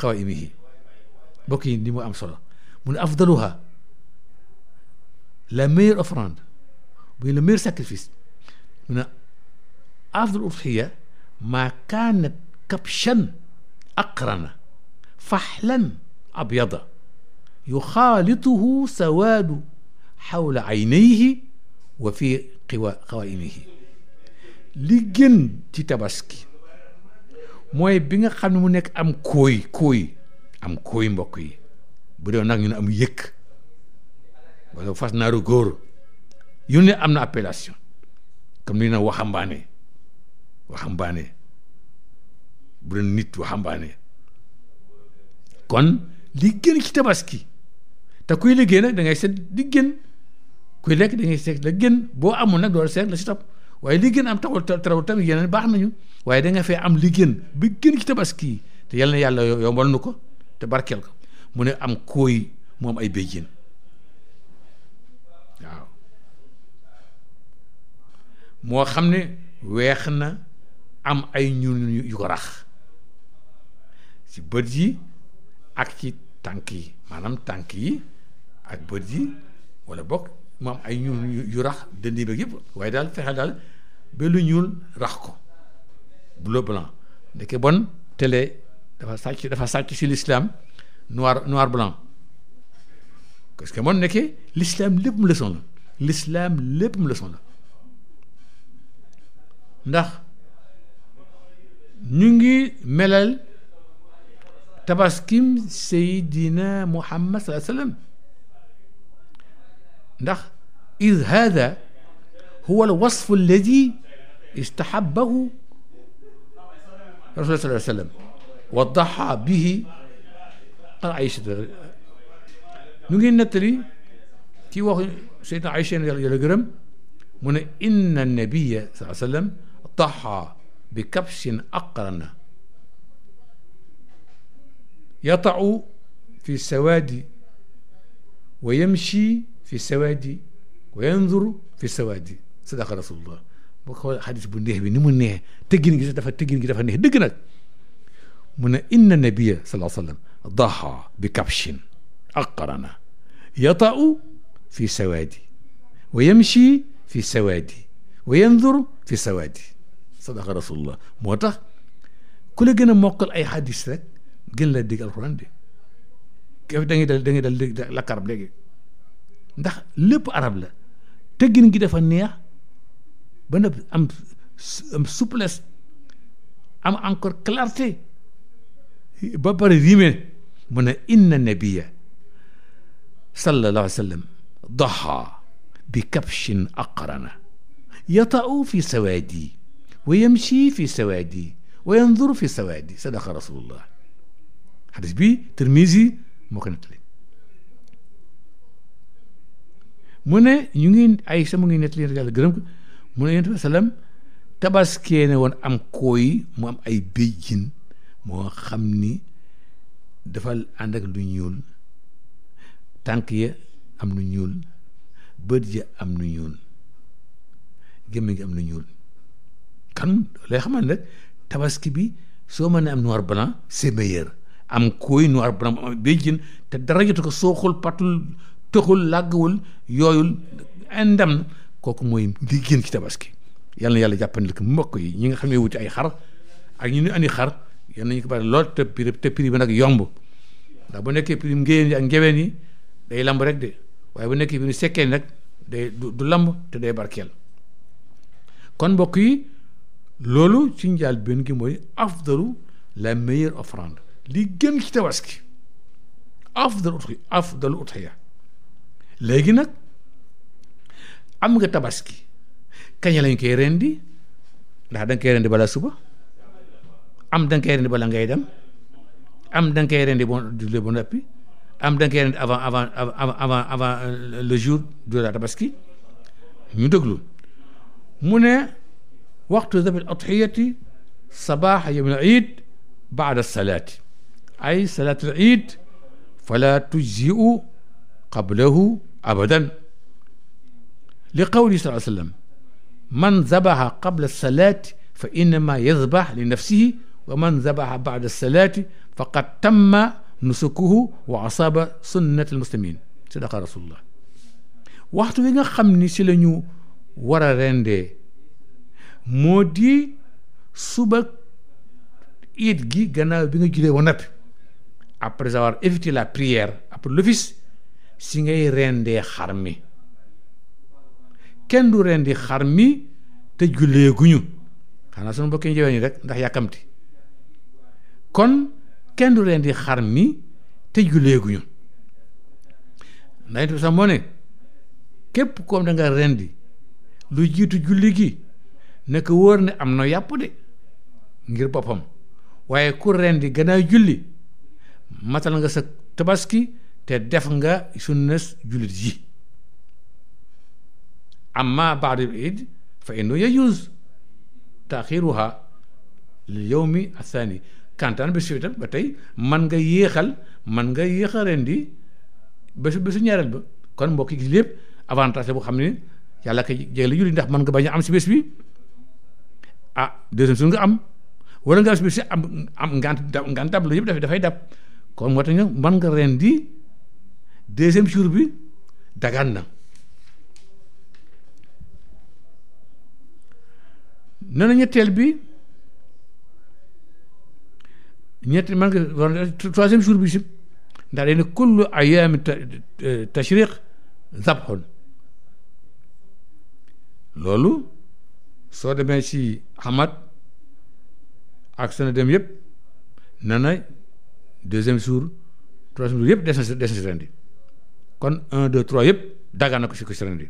xawaimihi bokk yi ni mu am solo mu ne afdaluha la meilleure offrande bu la meilleur sacrifice mu ne afdal udxiya ما كانت كبشا أقرن فحلا أبيض يخالطه سواد حول عينيه وفي قوائمه li gën ci tabaski mooy bi nga xam ne mu nekk am kooy kooy am kooy mbokk yi bu doon nag ñu ne am yëkk wala fas naaru góor yu ne am na appellation comme ni na waxambaane waxambaane bu doon nit waxambaane kon li gën ci tabaski te kuy liggéey nag da ngay seet li kuy lekk da set la gën boo amul nag doo seet la si topp waaye li gën am taxul tarawul yeneen baax nañu waaye da nga am li gën bi te yal na yàlla yombal nu ko te barkeel ko mu ne am kooy mu am ay béjjén waaw moo xam ne weex na am ay ñuul yu ko rax ci bët yi ak ci tànk yi maanaam tànk yi ak bët yi walla bokk mu am ay ñuul yu rax dënd yi yëpp waaye daal fexe daal ba lu ñuul rax ko bleu blanc ndeke bon télé dafa sàcc dafa sàcc ci l'islam noir noir blanc parce que moom nekkee l'islam lépp mu leçon la l'islam lépp mu leçon la ndax ñu ngi melal tabaskim sayidina muhammad salaa sallam ndax id hada huwa alwasf alladi istahabahu rasul salaa sallam wa daxa bihi an aïchata ñu ngi nettali ci wax sayidina aïcha yàlla gërëm mu ne inna nabiya salaa sallam daxa bi kabsin aqrana yatau fi sawaadi wa yamshi fi sawaadi wa yanzuru fi sawaadi sadaqa rasulullah boo ko xadis bu neex bi ni mu neex tëggin gi dafa tëggin gi dafa neex dëgg nag mu ne inna nabiya salaa sallam daxa bi kabshin aqrana yatau fi sawaadi wa yamshi fi sawaadi wa yanzuru fi sawaadi sadaqa rasulullah moo tax ku la gën a mokkal ay hadis gën la dégg alxuraan de kii da ngay dal da ngay dal lépp arab la teggin gi dafa neex ba na am am souplesse encore clarté ba pare riime mu ne inna nabiya sallallahu alayhi wa sallam daxa bi kabshin aqrana yata'u fi sawaadi wa yamshi fi sawaadi wa yanzur fi sawaadi sadaqa rasulullah xadis bi Tirmisi moo ko nettali mu ne ñu ngi ay sama ngi nettali yàlla gërëm ko mu ne yonent bi am kooy mu am ay béjjin moo xam ni dafa ànd ak lu ñuul tànk am lu ñuul bët am lu ñuul gémmiñ gi am lu ñuul kan lay xamal rek tabaski bi soo mënee am noir blanc c'est meilleur am koy noir blanc am bay jën te dara jotu ko soo xul patul tëxul làggawul yooyul indam na kooku mooy li gën ci tabaski yal yàlla jàppandil ko mbokk yi ñi nga xam ne wuti ay xar ak ñu ñu ani xar yal nañu ko bari lool te prix te bi nag yomb ndax bu nekkee prix ngéyeen yi ak ngeween yi day lamb rek de waaye bu nekkee prix sekkee nag day du lamb te day barkeel kon mbokk yi loolu ci njaal benn ki mooy afdalu la meilleure offrande li gën ci tabaski afdalu ut afdalu léegi nag am nga tabaski kañ lañ koy rendi ndax da nga koy rendi balaa suba am da nga koy rendi bala ngay dem am da nga koy rendi bon jullee ba noppi am da nga koy rendi avant avant avant avant euh, le jour de la tabaski ñu déglu mu ne. وقت ذبح الأضحية صباح يوم العيد بعد الصلاة أي صلاة العيد فلا تجزئ قبله أبدا لقوله صلى الله عليه وسلم من ذبح قبل الصلاة فإنما يذبح لنفسه ومن ذبح بعد الصلاة فقد تم نسكه وأصاب سنة المسلمين صدق رسول الله waxtu wi nga xam ni si la ñu war a rendee moo di suba iit gi gannaaw bi nga julee ba noppi après avoir effectué la prière après l'office si ngay rendee xar mi kenn du rendi xar mi te jullee guñu xanaa sunu mbokk yi jawee ñi rek ndax yàkkamti kon kenn du rendi xar mi te jullee guñu ndax it sax moo ne képp koom da nga rendi lu jiitu julli gi naka wóor ne am na yàpp de ngir boppam waaye ku ren di julli matal nga sa tabaski te def nga sunnas jullit yi amma baadul iid fa innu yajuuz taaxiruha lil yowmi athani kantaan bésu itam ba tey man nga yéexal man nga yéex a ren di bésu ñaareel ba kon mbokk yi lépp avantage la boo xam ne yàlla koy jégle julli ndax man nga bañ a am si bés bi ah deuxième suñu nga am wala nga bis si am am ngant dab ngant dab lu yëpp dafay dafay dab kon moo tax ñu mën ren di deuxième jour bi dagaan na nee na ñetteel bi ñetti man nga troisième jour bi si ndax dañ kullu ayaami tashriq zabxun loolu soo demee ci Ahmad ak seen dem yëpp nee na deuxième jour troisième jour yëpp des na si des na kon un deux trois yëpp daga na ko si ko si rendi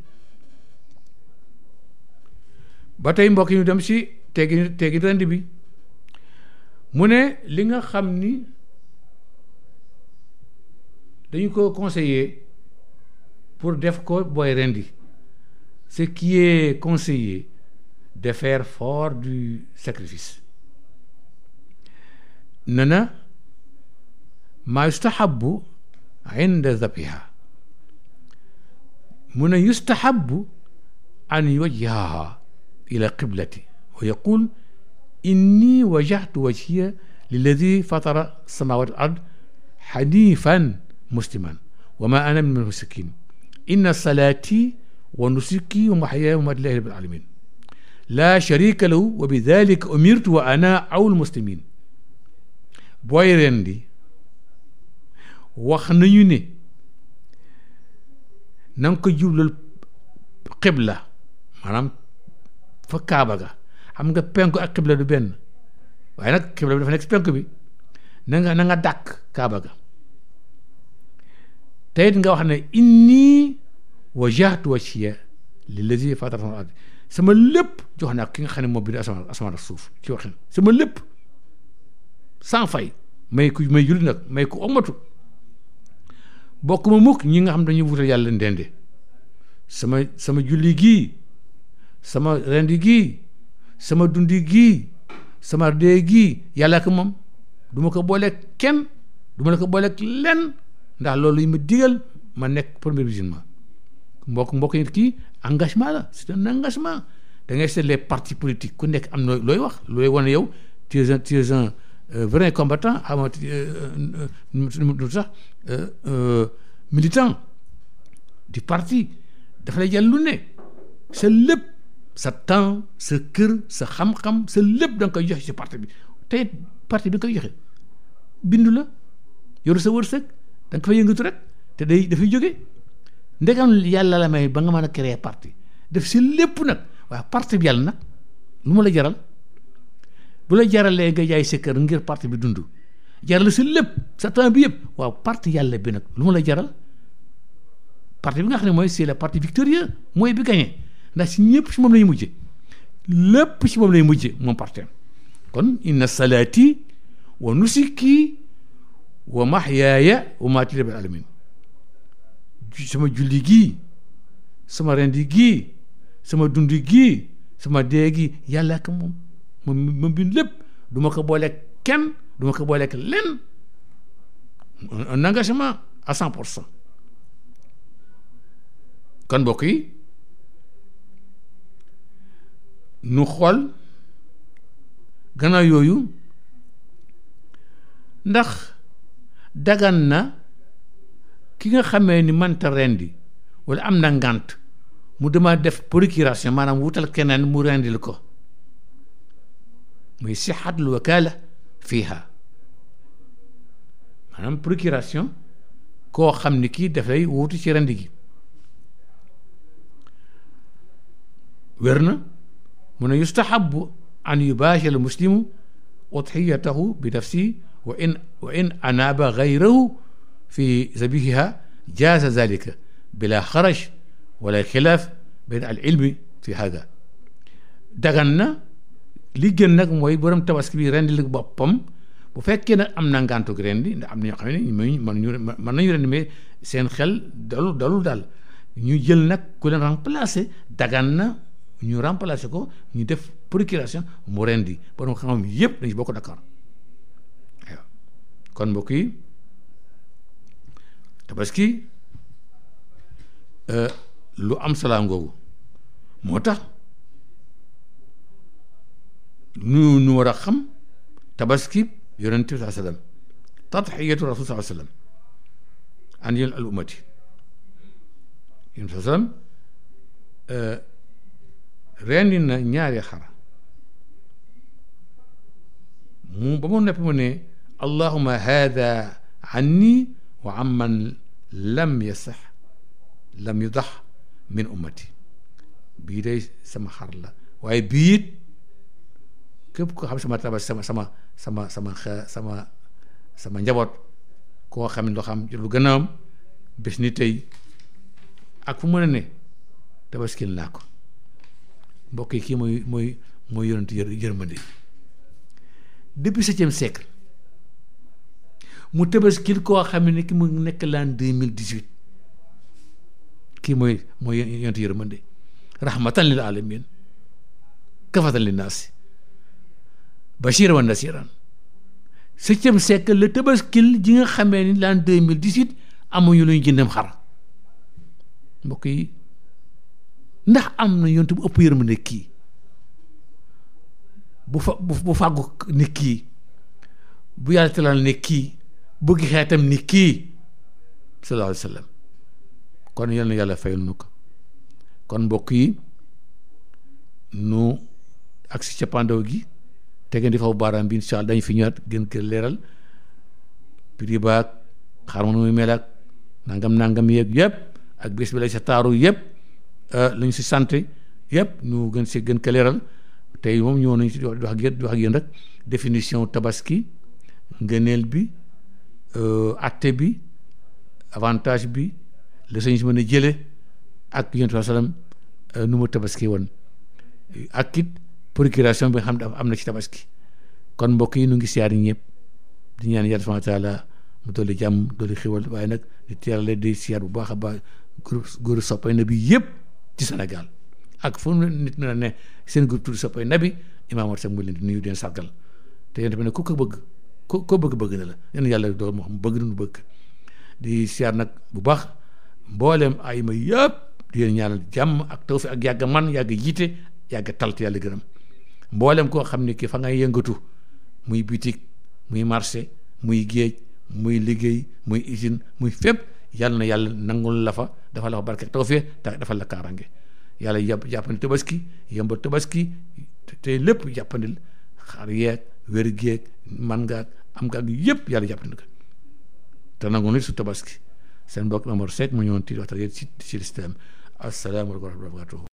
ba tey mbokk yi ñu dem si teggi teggi rendi bi mu ne li nga xam ni dañu ko conseiller pour def ko booy rendi ce ki est conseillé de faire fort du sacrifice ne na maa yustahabu inda zabiha mu ne yustahabu an yuwajjaha ila qiblati wa yaqul inni wajjahtu wajhiya lilladi fatara samawati wal ard xanifan musliman wa ma ana min mushrikin inna salati wa nusuki wa mahyaaya wa mamaati lillahi rabbil alamin laa sharika lahu wa bi dalika umirtu wa ana awul muslimin booy rendi wax nañu ne na nga ko jublal xibla maanaam fa kaaba ga xam nga penku ak xibla du benn waaye nag xibla bi dafa nekk penku bi na nga na nga dàkk kaaba ga teyit nga wax ne inni wajjahtu wajhiya lillazi fatara sama lépp jox naa ki nga xam ne moo bind asamaan asamaan ak suuf ci waxin sama lépp sans fay may ku may julli nag may ku omatu bokk ma mukk ñi nga xam dañuy wutal yàlla ndende sama sama julli gii sama rendi gii sama dund gii sama dee gii yàlla ak moom duma ko booleeg kenn du ma la ko booleeg lenn ndax loolu yi ma digal ma nekk premier musulman mbokk mbokk nit kii engagement la c'est un engagement da ngay seet les partis politiques ku nekk am na looy wax looy wane yow tu es un tu es un euh, vrai combattant ama euh, euh, nu sax militant di parti dafa lay jël lu ne sa lépp sa temps sa kër sa xam-xam sa lépp da nga koy joxe si partie bi tey parti bi nga koy joxe bindu la yoru sa wërsëg da nga ko fa yëngatu rek te day dafay jóge ndegam yàlla la may ba nga mën a créer parti def si lépp nag waaye parti bi yàlla nag lu ma la jaral bu la jaralee nga jaay sa kër ngir parti bi dund jaral si lépp sa temps bi yëpp waaw parti yàlla bi nag lu ma la jaral parti bi nga xam ne mooy c'est le parti victorieux mooy bi gagné ndax si ñëpp si moom lay mujje lépp si moom lay mujje moom parti kon inna salaati wa nusuki wa mahyaaya wa maati lillaahil aalamiin sama julli gii sama rendi gii sama dund gii sama dee gi yàlla ak moom moom moom lépp duma ma ko booleeg kenn du ma ko booleeg lenn un engagement cent pour cent kon mbokk yi nu xool gannaaw yooyu ndax dagan na ki nga xamee ni mënta rendi wala am na ngànt mu dama def procuration maanaam wutal keneen mu rendil ko muy sixatul wakala fiiha maanaam procuration koo xam ni kii dafay wutu ci rendi gi wér na mu ne yustahabu an yubaashira al muslimu udxiyatahu bi nafsi wa in wa in anaaba gayrahu fi zabihiha jaaza zalika bila xaraj wala xilaaf bayn al ilmi fi hada dagan na li gën nag mooy borom tabaski bi rendi li boppam bu fekkee nag am na ngàntu gi rendi ndax am ñoo xam ne mën ñu mën nañu rendi mee seen xel dalul dalul daal ñu jël nag ku leen remplacer na ñu remplacer ko ñu def procuration mu rendi borom xam-xam yëpp dañu bokk d'accord kon mbokk tabaski euh, lu am salaam googu moo tax ñu ñu war a xam tabaski yonent bi saa sallam tadxiyatu rasul saa sallam an yéen al ummati yonent saa sallam euh, rendi na ñaari xar mu ba mu nepp mu ne allahuma hada anni wa amman lam yasax lam yu dax min ummati bii day sama xar la waaye bii it képp ko xam sama taba sama sama sama sama sama sama njaboot koo xam ne loo xam lu gën a ni tey ak fu mën a ne tabaskin laa ko mbokk yi kii mooy mooy mooy yonent yërmande depuis septième siècle mu tëbaskil koo xam ne ki mu nekk l'an deux mille dix huit kii mooy mooy yonent yërmande rahmatan lil alamin kafatan lin naasi bashiran wa nasiran septième siècle la tëbaskil ji nga xamee ni l'an deux mille dix huit am lu ñu jëndam xar mbokk ndax am na yonent bu ëpp yërmande kii bu fa bu fàggu ne bu yàlla talal ne kii bëgg xeetam ni kii sallallahu la wa sallam kon yal na yàlla fayal ko kon mbokk yi nu ak si cappaandaw gi te ngeen di baaraam bi incha dañ fi ñëwaat gën leeral prix baag nu muy nangam nangam yeeg yëpp ak bés sa taaru yëpp euh, lu si sant yëpp ñu gën si gën ko leeral tey moom ñëw nañu si wax wax ak yéen rek définition tabaski ngëneel bi. Euh, acte bi avantage bi la sañ si mën jële ak yonent bi salaam euh, mu tabaski woon ak it procuration bi nga xam ne am na ci tabaski kon mbokk yi nu ngi siyaar ñëpp di ñaan yàlla subhaana taala mu dolli jàmm dolli xiwal waaye nag di teerale di siyaar bu baax a baax groupe góoru soppay nabi yëpp ci Sénégal ak fu nit mën a ne seen groupe tudd soppay nabi imaam war sax mu leen di nuyu di sargal te yéen tamit ne ku bëgg ko ko bëgg-bëgg na la yéen yàlla doon moo xam bëgg nañu bëgg di siyaar nag bu baax mbooleem ay ma yëpp di leen ñaanal jàmm ak tawfi ak yàgg man yàgg jiite yàgg talt yàlla gërëm mbooleem koo xam ne ki fa ngay yëngatu muy bitig muy marché muy géej muy liggéey muy usine muy fépp yàlla na yàlla nangul la fa dafa la fa barke tawfi ta dafa la kaarange yàlla yàpp jàppandi tabaski yëmba tabaski te lépp jàppandil xar yeeg wér man ngaak am nga ak yëpp yàlla jàppandi ko te nangu nit su tabaski seen mbokk Omar Seck mu ñëwoon tiit waxtaan yéen ci ci lislaam asalaamaaleykum wa rahmatulah